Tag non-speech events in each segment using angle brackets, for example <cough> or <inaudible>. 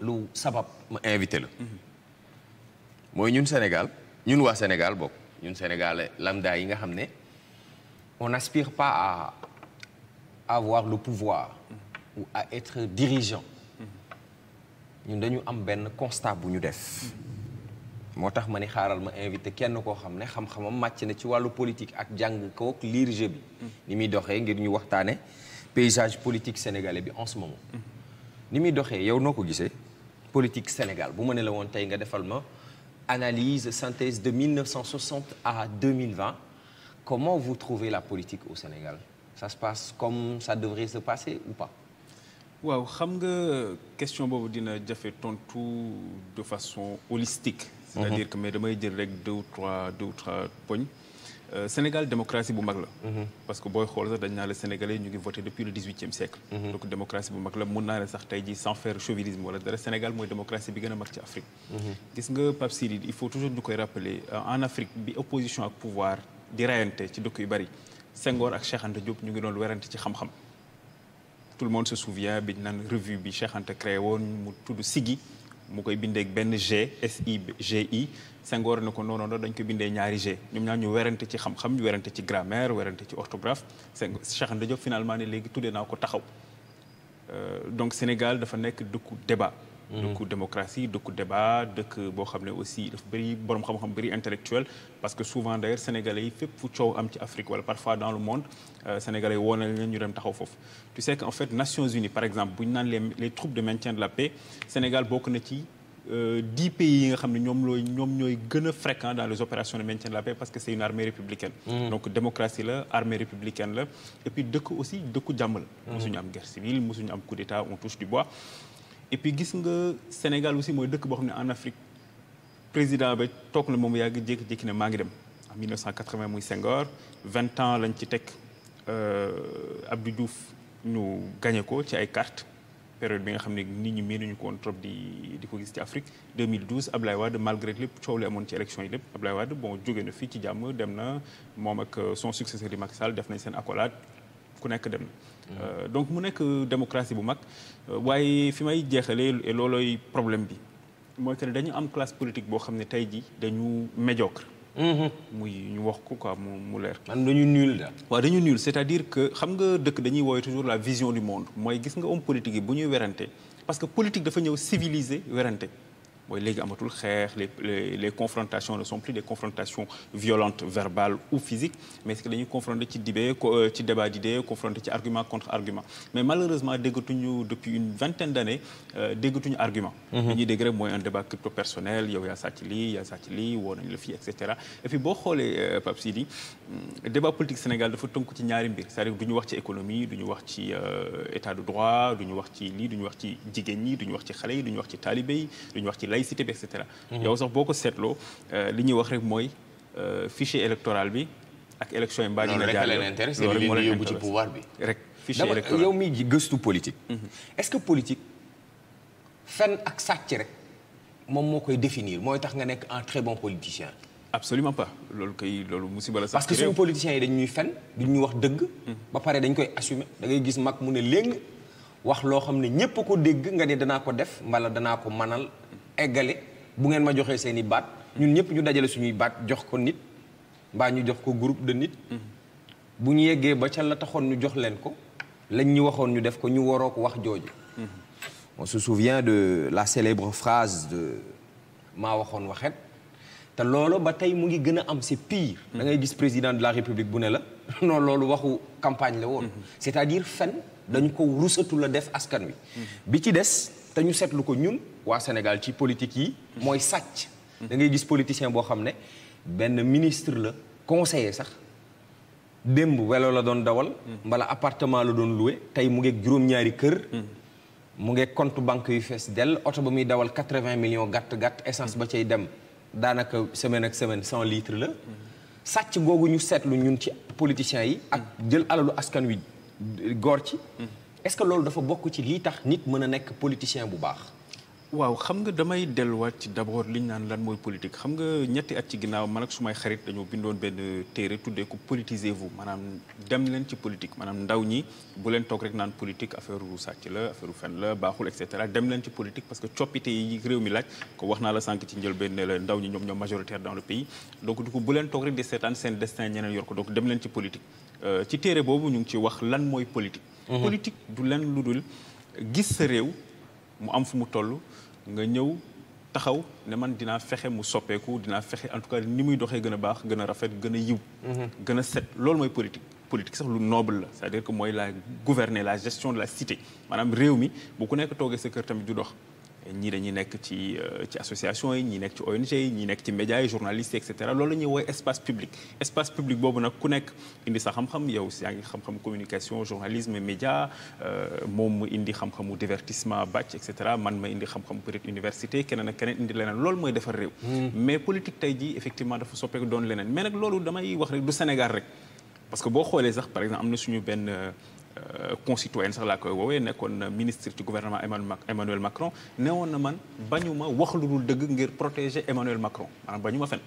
lu sabab ma invité la. mooy ñun Sénégal ñun waa Sénégal book ñun Sénégal lambda yi nga xam ne on n'aspire pas à avoir le pouvoir ou à être dirigeant ñun dañu am benn constat bu ñu def. moo tax ma ni xaaral ma invité kenn koo xam ne xam-xamam màcc na ci wàllu politique ak jàng kook liir jeu bi. ni muy doxee ngir ñu waxtaane paysage politique sénégalais bi en ce moment. ni muy doxee yow noo ko gisee. politique Sénégal bu ma la woon tey nga defal ma analyse synthèse de 1960 à 2020 comment vous trouvez la politique au Sénégal ça se comme ça devrait se passer ou pas waaw xam nga question boobu dina jafe tontu de façon holistique mhm. c'est-à-dire que mais damay jël rek deux ou trois deux ou trois poñ Euh, Sénégal démocratie bu mag la. Mhm. parce que booy xool sax dañ naa la Sénégalais ñu ngi voté depuis le dix-huitième siècle. Mhm. donc démocratie bu mag la mun naa sax tey jii sans faire chauvinisme wala dara Sénégal mooy démocratie bi gën a mag ci Afrique. Mhm. gis nga Pape Siride il faut toujours ñu koy rappeler euh, en Afrique bi opposition ak pouvoir di rayante ci dëkk bari Senghor ak Cheikh Anta ñu ngi doon werante ci xam-xam. tout le monde se souvient biñ naan revue mu koy bindeek benn G S I G na Senghor ne ko noonu dañ ko bindee ñaari G ñoom ñaar ñu werante ci xam-xam ñu werante ci grammaire werante ci orthographe Senghor Cheikh Anta Diop finalement ne léegi tuddee naa ko taxaw euh, donc Sénégal dafa nekk dëkku débat. Mmh. dëkku démocratie dëkku débat dëkk boo xam ne aussi dafa bëri borom xam-xam bëri intellectuel parce que souvent d'ailleurs sénégalais yi fépp fu coow am ci Afrique wala parfois dans le monde euh, sénégalais yi woo na ñu dem taxaw foofu tu sais que en fait Nations Unies par exemple bu ñu naan les troupes de maintien de la paix Sénégal bokk na ci euh, dix pays yi nga xam ne ñoom looy ñoom ñooy gën a fréquent dans les opérations de maintien de la paix parce que c'est une armée républicaine mmh. donc démocratie la armée républicaine la et puis dëkk et gis nga Sénégal aussi mooy dëkk boo xam ne en Afrique président ba took na moom yàgg jékki-jékki ne maa ngi dem en 1980 muy Senghor 20 ans lañ ci teg euh, Abdou juuf ñu gagné ko ci ay carte période bi nga xam ne nit ñi miinuñu ko woon trop di di ko gis ci Afrique 2012 Ablaye Wade malgré lépp coow li amoon ci élection yi lépp Ablaye Wade bon jóge na fii ci jàmm dem na moom ak euh, son successeur di Macky Sall def nañ seen accolade. ku nekk dem na euh, donc mu nekk démocratie bu mag euh, waaye fi may jeexalee et loolooy problème bi mooy que ne dañu am classe politique boo xam ne tey ji dañu médiocre mm-hmm. muy ñu wax ko quoi mu mu leer. man dañu nul daal. waaw dañu nul c'est-à-dire que xam nga dëkk dañuy woowee toujours la vision du monde mooy gis nga homme politique bu ñuy werante parce politique dafa ñëw civiliser werante mooy léegi amatul xeex les les confrontations ne sont plus des confrontations violentes verbales ou physiques mais c'est que dañuy confronter ci dibee euh, ci débat d'idées confronter ci argument contre argument mais malheureusement depuis une vingtaine d'années euh, déggatuñu argument mm-hmm. li ñuy dégg personnel yow yaa sàcc lii yaa sàcc lii woo nañu la fii euh, mm, débat politique Sénégal dafa tënku ci ñaari mbir cest dire du ñu wax ci économie du ñu wax ci état de laïcité bi et cetera. Mhm. sax boo ko seetloo euh, li ñuy wax rek mooy euh, fichier électoral bi ak élection yi mbaa dina jaar loolu rek moo leen yóbbu ci pouvoir bi rek fichier électoral yow mi gëstu politique. Mhm. est-ce que politique fen ak sàcc rek moom moo koy définir mooy tax nga nekk un très bon politicien. absolument pas loolu kay loolu musiba la sax parce que suñu politiciens yi dañuy fen duñu wax dëgg. Mhm. ba pare dañ koy assumer da ngay gis mag mu ne léng wax loo xam ne ñépp a ko dégg nga ne danaa ko def mbala danaa ko manal eggale bu ngeen ma joxee seen i baat ñun ñëpp ñu dajale suñuy baat jox ko nit mbaa ñu jox ko groupe de nit mm-hmm. bu ñu yeggee ba ca la taxoon ñu jox leen ko lañ ñu waxoon ñu def ko ñu waroo ko wax jooju mm-hmm. on se souvient de la célèbre phrase de maa waxoon waxet te loolu ba tey mu ngi gën a am si pire mm-hmm. da ngay gis président de la république bu ne la <laughs> non loolu waxu campagne la woon c'est-à-dire fen dañ ko rusatu la def askan wi bi ci des te ñu seetlu ko ñun waa Sénégal ci politique yi. mooy sàcc. da ngay gis politicien boo xam ne benn ministre la conseiller sax démb weloo la doon dawal. mbala appartement la doon loué tey mu ngeeg juróom-ñaari kër. mu ngeeg compte banque yu fees dell oto ba muy dawal quatre-vingts millions gàtt gàtt essence ba cay dem daanaka semaine ak semaine cent litres la. sàcc googu ñu seetlu ñun ci politiciens yi. ak jël alalu askan wi góor ci. est-ce que loolu dafa bokk ci lii tax nit mën a nekk politicien bu baax. waaw xam nga damay delluwaat ci d'abord li ñu naan lan mooy politique xam nga ñetti at ci ginnaaw man ak sumay xarit dañoo bindoon benn téere tuddee ko politisez-vous maanaam dem leen ci politique maanaam ndaw ñi bu leen toog rek naan politique affaire u sàcc la affaire u fen la baaxul et cetera dem leen ci politique parce que coppite yi réew mi laaj ko wax naa la sànq ci njëlbeen la ndaw ñi ñoom ñoom majoritaire dans le leen toog rek di seetaan seen destin ñeneen yor ko dem leen ci politique euh, ci téere ñu ngi ci wax lan mooy politique Mm-hmm. politique du len lu dul gis sa réew mu am fu mu toll nga ñëw taxaw ne man dina fexe mu soppeeku dina fexe en tout cas ni muy doxee gën a baax gën a rafet gën a yiw mm-hmm. gën a set loolu mooy politique politique sax lu noble la c'est-à-dire que mooy la gouverner la gestion de la cité maanaam réew mi bu ku nekk toogee sa kër tamit du dox ñii dañuy nekk ci euh, ci association yi ñii nekk ci ONG yi ñii nekk ci médias yi journalistes yi et cetera loolu la ñuy woowee espace public espace public boobu nag ku nekk indi sa xam-xam yow si yaa ngi xam-xam communication journalisme média euh, moom mu indi xam-xamu divertissement bàcc et cetera man ma indi xam-xam peut-être université keneen ak keneen indi leneen lool mooy defar réew hmm. mais politique tey ji effectivement dafa soppeeku doon leneen mais nag loolu damay wax rek du Sénégal re parce que boo xoolee sax par exemple na suñu benn euh, concitoyenne sax laa koy woowee nekkoon na ministre ci gouvernement Emmanuel Macron newoon na man bañu ma wax lu dul dëgg ngir protéger Emmanuel Macron maanaam bañu ma fen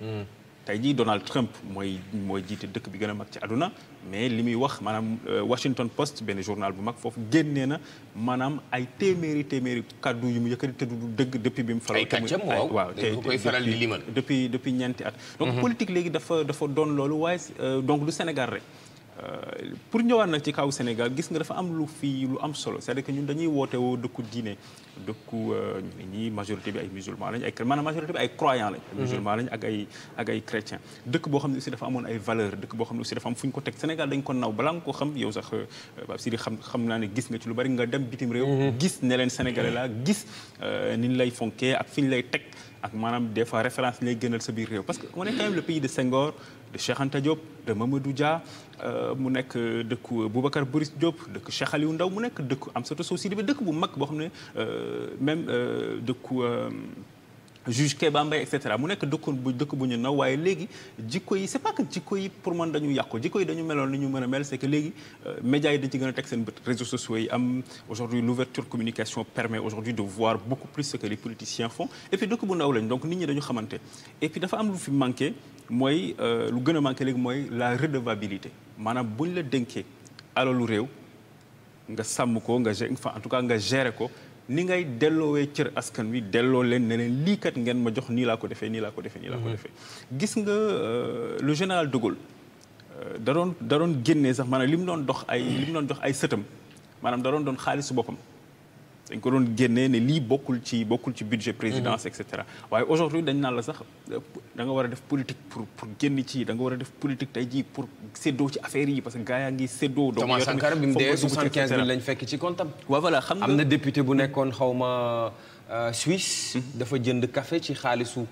hmm. tey jii Donald Trump mooy mooy jiite dëkk bi gën a mag ci àdduna mais li muy wax maanaam euh, Washington Post benn journal bu mag foofu génnee na maanaam ay téeméeri téeméeri kaddu yu mu yëkkati te du dëgg depuis bi mu faral. ay kàccam waaw waaw dañ koy faral depuis ñeenti at. donc mhm. politique léegi dafa dafa doon loolu waaye euh, donc du Sénégal rek. Euh, pour ñëwaat nag ci kaw Sénégal gis nga dafa am lu fii lu am solo c'est-à-dire que ñun dañuy woote woo dëkku diine dëkku euh, ñu ne ñii majorité bi ay musulman lañ ay maanaam majorité bi ay croyant lañ mhm. ay ak ay chrétien dëkk boo xam ne aussi dafa amoon ay valeur dëkk boo xam ne aussi dafa am fu ñu ko teg Sénégal dañ ko naw balaa nga ko xam yow sax euh, Pape Sidy xam xam naa ne gis nga ci lu bari nga dem bitim réew mhm. gis ne leen Sénégalais la gis ni ñu lay fonkee ak fi ñu lay teg ak maanaam des fois référence lay gënal sa biir réew parce que on est quand même le pays de Senghor de Cheikh Anta de Mamadou Dia euh, mu nekk dëkku Boubacar Boris Diop dëkk Cheikh Aliou Ndao mu nekk dëkku am Amsatou Sow Sidibé dëkk bu mag boo xam ne euh, même euh, dëkku juge Kéba Mbaye et mu nekk dëkkoon bu dëkk bu ñu naw waaye léegi jikko yi c'est pas que jikko yi pour man dañu yàqu jikko yi dañu meloon ni ñu mën a mel c'est que léegi euh, médias yi dañ ci gën a teg seen bët réseaux sociaux yi am aujourd'hui l'ouverture communication permet aujourd'hui de voir beaucoup plus ce que les politiciens font et puis dëkk bu ndaw lañ donc nit ñi dañu xamante et dafa am lu fi manqué mooy euh, lu gën a manqué léegi mooy la redevabilité maanaam buñ la dénkee alalu réew nga sàmm ko nga en tout cas nga gérer ko ni ngay delloowee cër askan wi delloo leen ne leen lii kat ngeen ma jox nii laa ko defee nii laa ko defee nii laa ko mhm. defee. gis nga euh, le général de Gaulle euh, da doon da doon génnee sax maanaam li mu doon dox ay li mu doon dox ay sëtam maanaam da doon xaalis xaalisu boppam. dañ ko doon génnee ne lii bokkul ci bokkul ci budget présidence mhm. et waaye aujourd'hui dañ naa la sax euh, da nga war a def politique pour pour génn ci danga war a def politique tey jii pour séddoo ci affaire yi parce que gars yaa ngi séddoo. donc Thomas Sankara bi mu dee 75 000 lañ fekk am. xam nga am na député bu nekkoon xaw ma euh, Suisse. Mhm. dafa jënd kafe ci xaalisu.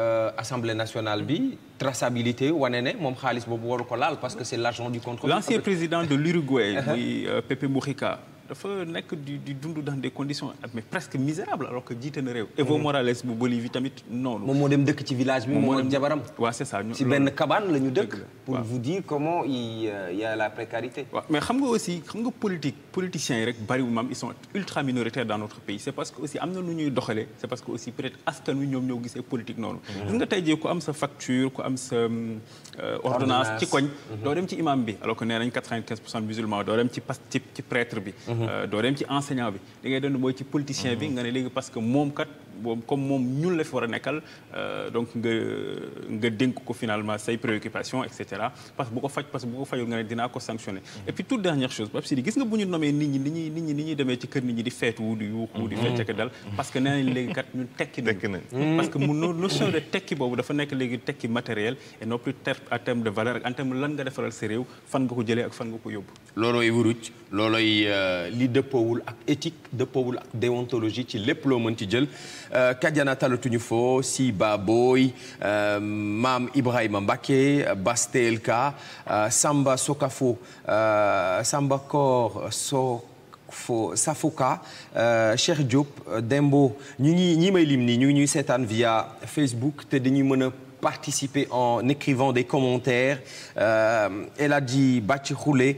Euh, Assemblée nationale bi traçabilité wane ne moom xaalis boobu waru ko laal parce que c'est l'argent du contrôle. l'ancien président de l'Uruguay muy <laughs> uh-huh. Pepe Mujica dafa nekk di di dund dans des conditions mais presque misérables alors que jiite na réew. Mm-hmm. Evo Morales bu Bolivie tamit noonu. moom moo dem dëkk ci village bi. moo dem jabaram euh, a la précarité. waaw mais xam nga aussi xam yi rek bariwul maam ils sont ultra dans notre pays c'est parce que aussi am na nu ñuy doxalee c'est parce que aussi peut-être askan wi ñoom ñoo gisee politique noonu. Mm-hmm. gis nga tey jii ku am sa facture ku am sa euh, ordonnance ci koñ. Mm-hmm. doo dem ci imam bi alors que Euh, doo dem ci enseignant bi li ngay doon mooy ci politicien bi mm-hmm. nga ne léegi parce que moom kat boobu comme moom ñun la fi war a nekkal euh, donc nga nga dénk ko finalement say préoccupations et cetera parce que bu ko faj parce que bu ko fajul nga ne dinaa ko sanctionner mm-hmm. et puis toute dernière chose Pape Sidi gis nga bu ñu nommee nit ñi nit ñi nit ñi nit ñi demee ci mm-hmm. dal parce que nee léegi kat ñun tekki nañ parce que mu <laughs> notion de tekki boobu dafa nekk léegi tekki matériel et non plus en valeur ak en nga defaral réew fan nga ko jëlee ak ko yóbbu loolooy wuruj loolooy euh, lii dëppoowul ak éthique dëppoowul ak déontologie ci lépp loo mën ci jël euh, Kadiana foo si Baboy euh, Maam Ibrahima Mbacké Bastelka Samba Sokafo Samba Safoka Cheikh Diop Dembo ñu ngi ñi may lim nii ñu ngi ñuy seetaan via Facebook te dañuy mën a participer en écrivant des commentaires El Hadji Bàcc Xule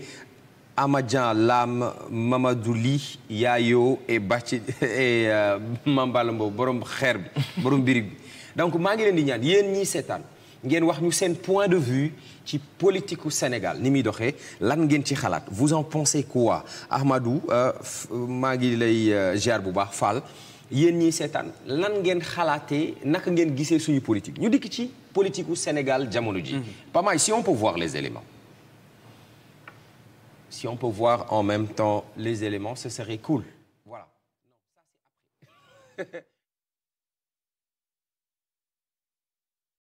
Amadjan Lam Mamadou Ly Yaayo et Bathie et euh, Mambala Mbow borom xeer bi borom birig bi donc maa ngi leen di ñaan yéen ñii seetaan ngeen wax ñu seen point de vue ci politique Sénégal ni muy doxee lan ngeen ci xalaat vous en pensez quoi Ahmadou euh, maa ngi lay euh, ziar bu baax Fall yéen ñii seetaan lan ngeen xalaatee naka ngeen gisee suñu politique ñu dikk ci politique u Sénégal jamono ji mm-hmm. pas mal si on peut voir les éléments si on peut voir en même temps les éléments, ce serait cool. Voilà.